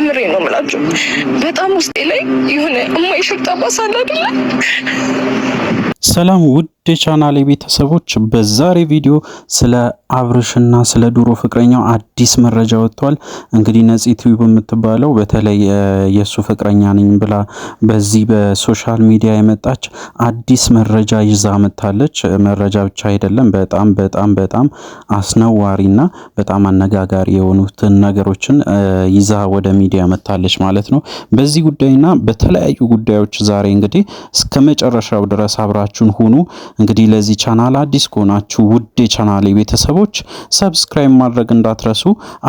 የምሬ ነው የምላቸው። በጣም ውስጤ ላይ የሆነ የማይሽር ጠባሳ አይደለ? ሰላም ውድ ውድ የቻናሌ ቤተሰቦች በዛሬ ቪዲዮ ስለ አብርሽና ስለ ድሮ ፍቅረኛው አዲስ መረጃ ወጥቷል። እንግዲህ ነጽ ቲዩብ የምትባለው በተለይ የእሱ ፍቅረኛ ነኝ ብላ በዚህ በሶሻል ሚዲያ የመጣች አዲስ መረጃ ይዛ መታለች መረጃ ብቻ አይደለም፣ በጣም በጣም በጣም አስነዋሪና በጣም አነጋጋሪ የሆኑትን ነገሮችን ይዛ ወደ ሚዲያ መታለች ማለት ነው። በዚህ ጉዳይና በተለያዩ ጉዳዮች ዛሬ እንግዲህ እስከ መጨረሻው ድረስ አብራችሁን ሁኑ። እንግዲህ ለዚህ ቻናል አዲስ ከሆናችሁ ውድ የቻናሌ ቤተሰቦች ሰብስክራይብ ማድረግ እንዳትረሱ፣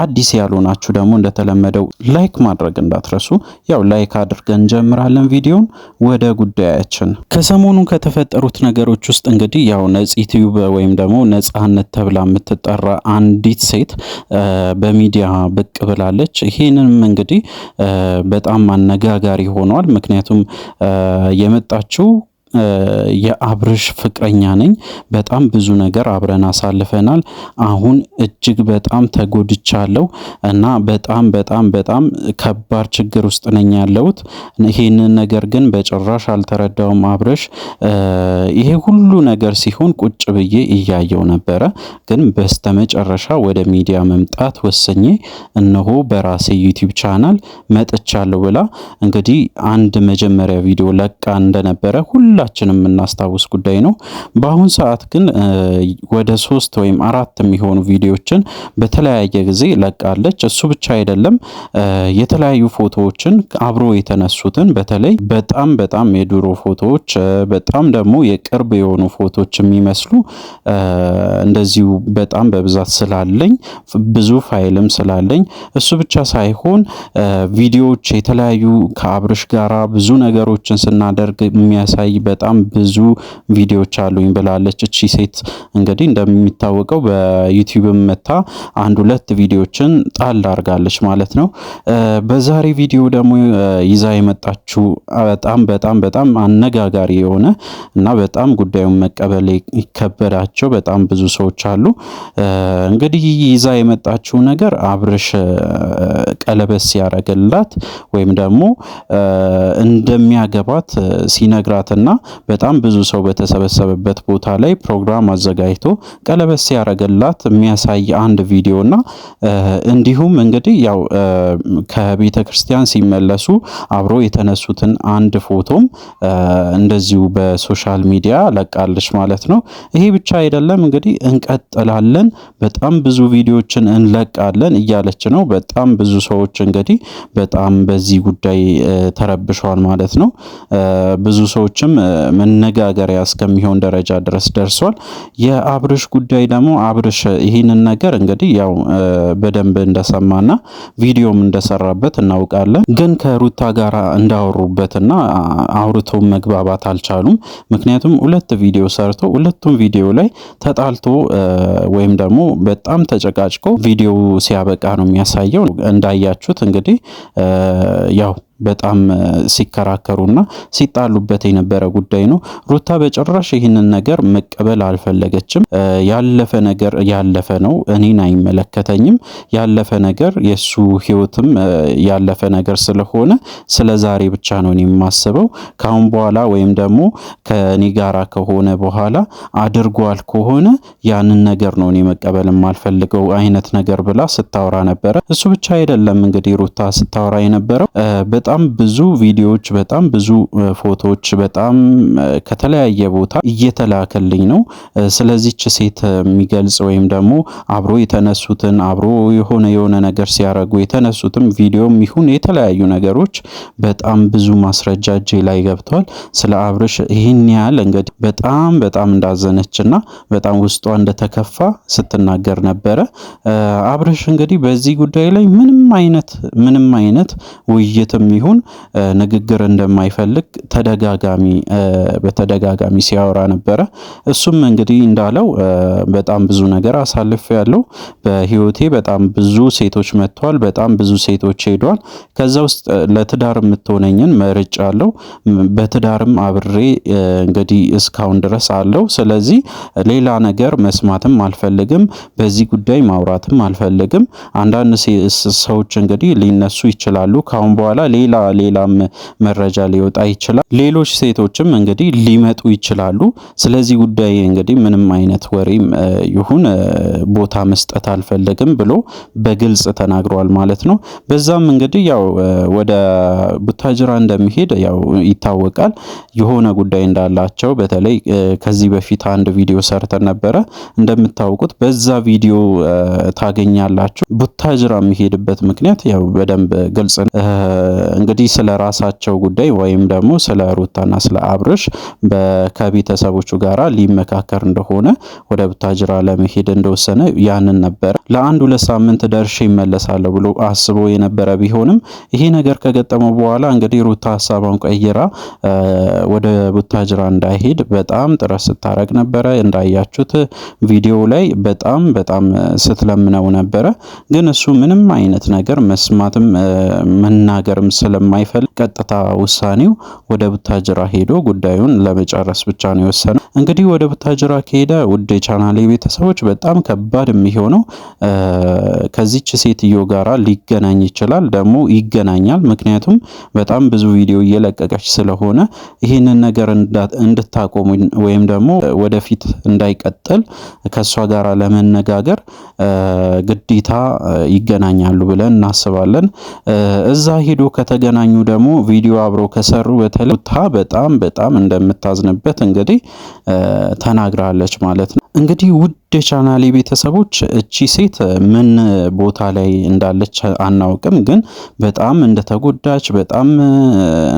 አዲስ ያልሆናችሁ ደግሞ እንደተለመደው ላይክ ማድረግ እንዳትረሱ። ያው ላይክ አድርገን እንጀምራለን ቪዲዮን። ወደ ጉዳያችን ከሰሞኑ ከተፈጠሩት ነገሮች ውስጥ እንግዲህ ያው ነፂ ቲዩብ ወይም ደግሞ ነጻነት ተብላ የምትጠራ አንዲት ሴት በሚዲያ ብቅ ብላለች። ይህንም እንግዲህ በጣም አነጋጋሪ ሆኗል። ምክንያቱም የመጣችው የአብርሽ ፍቅረኛ ነኝ። በጣም ብዙ ነገር አብረን አሳልፈናል። አሁን እጅግ በጣም ተጎድቻለሁ እና በጣም በጣም በጣም ከባድ ችግር ውስጥ ነኝ ያለሁት። ይህንን ነገር ግን በጭራሽ አልተረዳውም አብርሽ። ይሄ ሁሉ ነገር ሲሆን ቁጭ ብዬ እያየው ነበረ። ግን በስተመጨረሻ ወደ ሚዲያ መምጣት ወሰኜ እነሆ በራሴ ዩቲዩብ ቻናል መጥቻለሁ ብላ እንግዲህ አንድ መጀመሪያ ቪዲዮ ለቃ እንደነበረ ሁላ ሁላችንም የምናስታውስ ጉዳይ ነው። በአሁን ሰዓት ግን ወደ ሶስት ወይም አራት የሚሆኑ ቪዲዮዎችን በተለያየ ጊዜ ለቃለች። እሱ ብቻ አይደለም፣ የተለያዩ ፎቶዎችን አብሮ የተነሱትን በተለይ በጣም በጣም የድሮ ፎቶዎች፣ በጣም ደግሞ የቅርብ የሆኑ ፎቶዎች የሚመስሉ እንደዚሁ በጣም በብዛት ስላለኝ ብዙ ፋይልም ስላለኝ እሱ ብቻ ሳይሆን ቪዲዮዎች የተለያዩ ከአብርሽ ጋራ ብዙ ነገሮችን ስናደርግ የሚያሳይ በጣም ብዙ ቪዲዮዎች አሉኝ ብላለች። እቺ ሴት እንግዲህ እንደሚታወቀው በዩቲዩብም መታ አንድ ሁለት ቪዲዮዎችን ጣል አርጋለች ማለት ነው። በዛሬ ቪዲዮ ደግሞ ይዛ የመጣችው በጣም በጣም በጣም አነጋጋሪ የሆነ እና በጣም ጉዳዩን መቀበል ይከበዳቸው በጣም ብዙ ሰዎች አሉ። እንግዲህ ይዛ የመጣችው ነገር አብርሽ ቀለበት ሲያረግላት ወይም ደግሞ እንደሚያገባት ሲነግራትና በጣም ብዙ ሰው በተሰበሰበበት ቦታ ላይ ፕሮግራም አዘጋጅቶ ቀለበት ሲያረገላት የሚያሳይ አንድ ቪዲዮ እና እንዲሁም እንግዲህ ያው ከቤተ ክርስቲያን ሲመለሱ አብሮ የተነሱትን አንድ ፎቶም እንደዚሁ በሶሻል ሚዲያ ለቃለች ማለት ነው። ይሄ ብቻ አይደለም እንግዲህ እንቀጥላለን፣ በጣም ብዙ ቪዲዮዎችን እንለቃለን እያለች ነው። በጣም ብዙ ሰዎች እንግዲህ በጣም በዚህ ጉዳይ ተረብሸዋል ማለት ነው። ብዙ ሰዎችም መነጋገሪያ እስከሚሆን ደረጃ ድረስ ደርሷል። የአብርሽ ጉዳይ ደግሞ አብርሽ ይህንን ነገር እንግዲህ ያው በደንብ እንደሰማና ቪዲዮም እንደሰራበት እናውቃለን። ግን ከሩታ ጋር እንዳወሩበትና አውርቶ መግባባት አልቻሉም። ምክንያቱም ሁለት ቪዲዮ ሰርቶ ሁለቱም ቪዲዮ ላይ ተጣልቶ ወይም ደግሞ በጣም ተጨቃጭቆ ቪዲዮ ሲያበቃ ነው የሚያሳየው። እንዳያችሁት እንግዲህ ያው በጣም ሲከራከሩና ሲጣሉበት የነበረ ጉዳይ ነው። ሩታ በጭራሽ ይህንን ነገር መቀበል አልፈለገችም። ያለፈ ነገር ያለፈ ነው፣ እኔን አይመለከተኝም። ያለፈ ነገር የእሱ ህይወትም ያለፈ ነገር ስለሆነ ስለ ዛሬ ብቻ ነው እኔ የማስበው። ካሁን በኋላ ወይም ደግሞ ከኔ ጋራ ከሆነ በኋላ አድርጓል ከሆነ ያንን ነገር ነው እኔ መቀበል የማልፈልገው አይነት ነገር ብላ ስታወራ ነበረ። እሱ ብቻ አይደለም እንግዲህ ሩታ ስታወራ የነበረው በጣም በጣም ብዙ ቪዲዮዎች፣ በጣም ብዙ ፎቶዎች፣ በጣም ከተለያየ ቦታ እየተላከልኝ ነው። ስለዚች ሴት የሚገልጽ ወይም ደግሞ አብሮ የተነሱትን አብሮ የሆነ የሆነ ነገር ሲያረጉ የተነሱትም ቪዲዮም ይሁን የተለያዩ ነገሮች በጣም ብዙ ማስረጃ እጄ ላይ ገብቷል። ስለ አብርሽ ይህን ያህል እንግዲህ በጣም በጣም እንዳዘነች እና በጣም ውስጧ እንደተከፋ ስትናገር ነበረ። አብርሽ እንግዲህ በዚህ ጉዳይ ላይ ምንም አይነት ምንም አይነት ውይይትም ቢሆን ንግግር እንደማይፈልግ ተደጋጋሚ በተደጋጋሚ ሲያወራ ነበረ። እሱም እንግዲህ እንዳለው በጣም ብዙ ነገር አሳልፍ ያለው በህይወቴ በጣም ብዙ ሴቶች መጥተዋል፣ በጣም ብዙ ሴቶች ሄዷል። ከዛ ውስጥ ለትዳር የምትሆነኝን መርጫ አለው። በትዳርም አብሬ እንግዲህ እስካሁን ድረስ አለው። ስለዚህ ሌላ ነገር መስማትም አልፈልግም፣ በዚህ ጉዳይ ማውራትም አልፈልግም። አንዳንድ ሰዎች እንግዲህ ሊነሱ ይችላሉ ከአሁን በኋላ ሌላ ሌላም መረጃ ሊወጣ ይችላል። ሌሎች ሴቶችም እንግዲህ ሊመጡ ይችላሉ። ስለዚህ ጉዳይ እንግዲህ ምንም አይነት ወሬም ይሁን ቦታ መስጠት አልፈለግም ብሎ በግልጽ ተናግሯል ማለት ነው። በዛም እንግዲህ ያው ወደ ቡታጅራ እንደሚሄድ ያው ይታወቃል። የሆነ ጉዳይ እንዳላቸው በተለይ ከዚህ በፊት አንድ ቪዲዮ ሰርተን ነበረ እንደምታውቁት። በዛ ቪዲዮ ታገኛላችሁ። ቡታጅራ የሚሄድበት ምክንያት ያው በደንብ ግልጽ እንግዲህ ስለ ራሳቸው ጉዳይ ወይም ደግሞ ስለ ሩታና ስለ አብርሽ ከቤተሰቦቹ ጋራ ሊመካከር እንደሆነ ወደ ቡታጅራ ለመሄድ እንደወሰነ ያንን ነበር። ለአንድ ሁለት ሳምንት ደርሼ ይመለሳለሁ ብሎ አስቦ የነበረ ቢሆንም ይሄ ነገር ከገጠመው በኋላ እንግዲህ ሩታ ሀሳቧን ቀይራ ወደ ቡታጅራ እንዳይሄድ በጣም ጥረት ስታረግ ነበረ። እንዳያችሁት ቪዲዮ ላይ በጣም በጣም ስትለምነው ነበረ። ግን እሱ ምንም አይነት ነገር መስማትም መናገርም ስለማይፈልግ ቀጥታ ውሳኔው ወደ ቡታጅራ ሄዶ ጉዳዩን ለመጨረስ ብቻ ነው የወሰነው። እንግዲህ ወደ ቡታጅራ ከሄደ ውድ የቻናሌ ቤተሰቦች በጣም ከባድ የሚሆነው ከዚች ሴትዮ ጋራ ሊገናኝ ይችላል፣ ደግሞ ይገናኛል። ምክንያቱም በጣም ብዙ ቪዲዮ እየለቀቀች ስለሆነ ይህንን ነገር እንድታቆሙ ወይም ደግሞ ወደፊት እንዳይቀጥል ከእሷ ጋራ ለመነጋገር ግዴታ ይገናኛሉ ብለን እናስባለን። እዛ ሄዶ ከተገናኙ ደግሞ ቪዲዮ አብሮ ከሰሩ በተለይ ሩታ በጣም በጣም እንደምታዝንበት እንግዲህ ተናግራለች ማለት ነው። እንግዲህ ውድ የቻናሌ ቤተሰቦች እቺ ሴት ምን ቦታ ላይ እንዳለች አናውቅም፣ ግን በጣም እንደተጎዳች፣ በጣም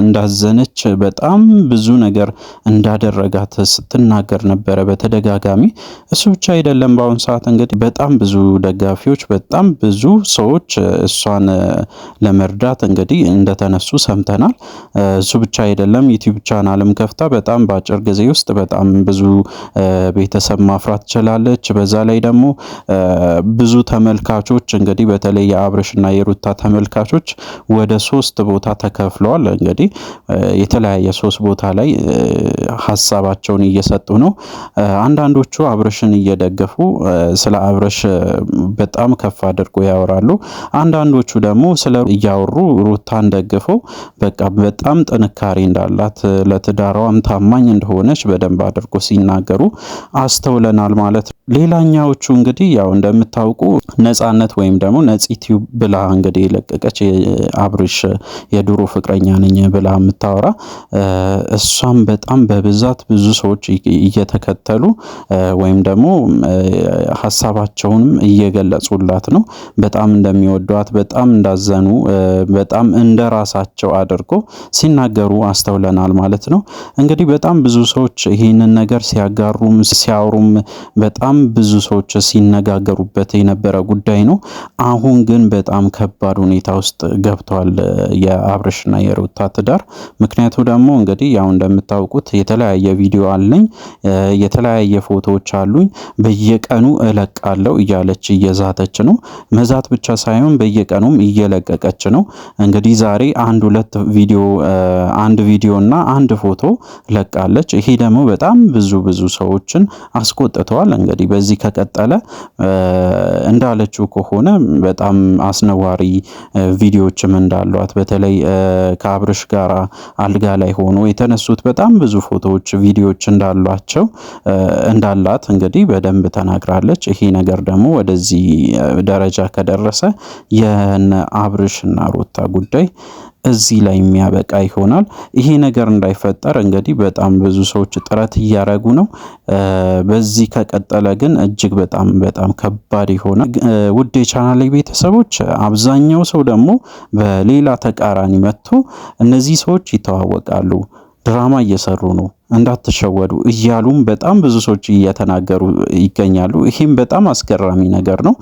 እንዳዘነች፣ በጣም ብዙ ነገር እንዳደረጋት ስትናገር ነበረ በተደጋጋሚ። እሱ ብቻ አይደለም። በአሁን ሰዓት እንግዲህ በጣም ብዙ ደጋፊዎች፣ በጣም ብዙ ሰዎች እሷን ለመርዳት እንግዲህ እንደተነሱ ሰምተናል። እሱ ብቻ አይደለም ዩቲዩብ ቻናልም ከፍታ በጣም በአጭር ጊዜ ውስጥ በጣም ብዙ ቤተሰብ ማፍራት ችላለች። በዛ ላይ ደግሞ ብዙ ተመልካቾች እንግዲህ በተለይ የአብርሽ የሩታ ተመልካቾች ወደ ሶስት ቦታ ተከፍለዋል። እንግዲህ የተለያየ ሶስት ቦታ ላይ ሀሳባቸውን እየሰጡ ነው። አንዳንዶቹ አብርሽን እየደገፉ ስለ አብርሽ በጣም ከፍ አድርጎ ያወራሉ። አንዳንዶቹ ደግሞ ስለ እያወሩ ሩታን ስንደግፈው በቃ በጣም ጥንካሬ እንዳላት ለትዳሯም ታማኝ እንደሆነች በደንብ አድርጎ ሲናገሩ አስተውለናል ማለት ነው። ሌላኛዎቹ እንግዲህ ያው እንደምታውቁ ነጻነት ወይም ደግሞ ነፂቲው ብላ እንግዲህ የለቀቀች አብርሽ የድሮ ፍቅረኛ ነኝ ብላ የምታወራ እሷም በጣም በብዛት ብዙ ሰዎች እየተከተሉ ወይም ደግሞ ሀሳባቸውንም እየገለጹላት ነው። በጣም እንደሚወዷት፣ በጣም እንዳዘኑ፣ በጣም እንደ ለራሳቸው አድርጎ ሲናገሩ አስተውለናል ማለት ነው። እንግዲህ በጣም ብዙ ሰዎች ይህንን ነገር ሲያጋሩም ሲያወሩም በጣም ብዙ ሰዎች ሲነጋገሩበት የነበረ ጉዳይ ነው። አሁን ግን በጣም ከባድ ሁኔታ ውስጥ ገብተዋል የአብርሽና የሩታ ትዳር። ምክንያቱ ደግሞ እንግዲህ ያው እንደምታውቁት የተለያየ ቪዲዮ አለኝ፣ የተለያየ ፎቶዎች አሉኝ፣ በየቀኑ እለቃለው እያለች እየዛተች ነው። መዛት ብቻ ሳይሆን በየቀኑም እየለቀቀች ነው። እንግዲህ ዛሬ አንድ ሁለት ቪዲዮ አንድ ቪዲዮ እና አንድ ፎቶ ለቃለች። ይሄ ደግሞ በጣም ብዙ ብዙ ሰዎችን አስቆጥተዋል። እንግዲህ በዚህ ከቀጠለ እንዳለችው ከሆነ በጣም አስነዋሪ ቪዲዮችም እንዳሏት በተለይ ከአብርሽ ጋር አልጋ ላይ ሆኖ የተነሱት በጣም ብዙ ፎቶዎች፣ ቪዲዮዎች እንዳሏቸው እንዳላት እንግዲህ በደንብ ተናግራለች። ይሄ ነገር ደግሞ ወደዚህ ደረጃ ከደረሰ የነ አብርሽ እና ሩታ ጉዳይ እዚህ ላይ የሚያበቃ ይሆናል። ይሄ ነገር እንዳይፈጠር እንግዲህ በጣም ብዙ ሰዎች ጥረት እያደረጉ ነው። በዚህ ከቀጠለ ግን እጅግ በጣም በጣም ከባድ ይሆናል። ውድ የቻናል ቤተሰቦች፣ አብዛኛው ሰው ደግሞ በሌላ ተቃራኒ መጥቶ እነዚህ ሰዎች ይተዋወቃሉ፣ ድራማ እየሰሩ ነው እንዳትሸወዱ እያሉም በጣም ብዙ ሰዎች እየተናገሩ ይገኛሉ። ይህም በጣም አስገራሚ ነገር ነው።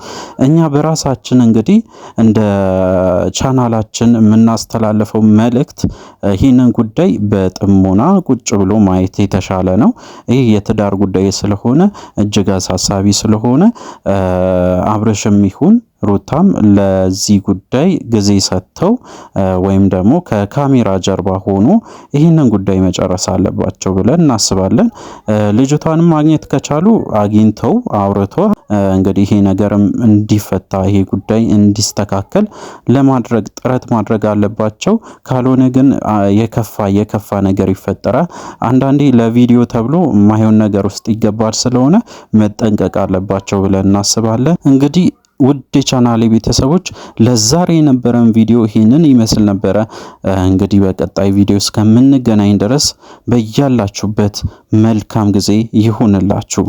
እኛ በራሳችን እንግዲህ እንደ ቻናላችን የምናስተላልፈው መልእክት ይህንን ጉዳይ በጥሞና ቁጭ ብሎ ማየት የተሻለ ነው። ይህ የትዳር ጉዳይ ስለሆነ እጅግ አሳሳቢ ስለሆነ አብረሽም ይሁን ሩታም ለዚህ ጉዳይ ጊዜ ሰጥተው ወይም ደግሞ ከካሜራ ጀርባ ሆኖ ይህንን ጉዳይ መጨረስ አለባቸው። ብለን እናስባለን። ልጅቷንም ማግኘት ከቻሉ አግኝተው አውርቶ እንግዲህ ይሄ ነገርም እንዲፈታ ይሄ ጉዳይ እንዲስተካከል ለማድረግ ጥረት ማድረግ አለባቸው። ካልሆነ ግን የከፋ የከፋ ነገር ይፈጠራል። አንዳንዴ ለቪዲዮ ተብሎ ማይሆን ነገር ውስጥ ይገባል። ስለሆነ መጠንቀቅ አለባቸው ብለን እናስባለን እንግዲህ ውድ የቻናሌ ቤተሰቦች ለዛሬ የነበረን ቪዲዮ ይህንን ይመስል ነበረ። እንግዲህ በቀጣይ ቪዲዮ እስከምንገናኝ ድረስ በያላችሁበት መልካም ጊዜ ይሁንላችሁ።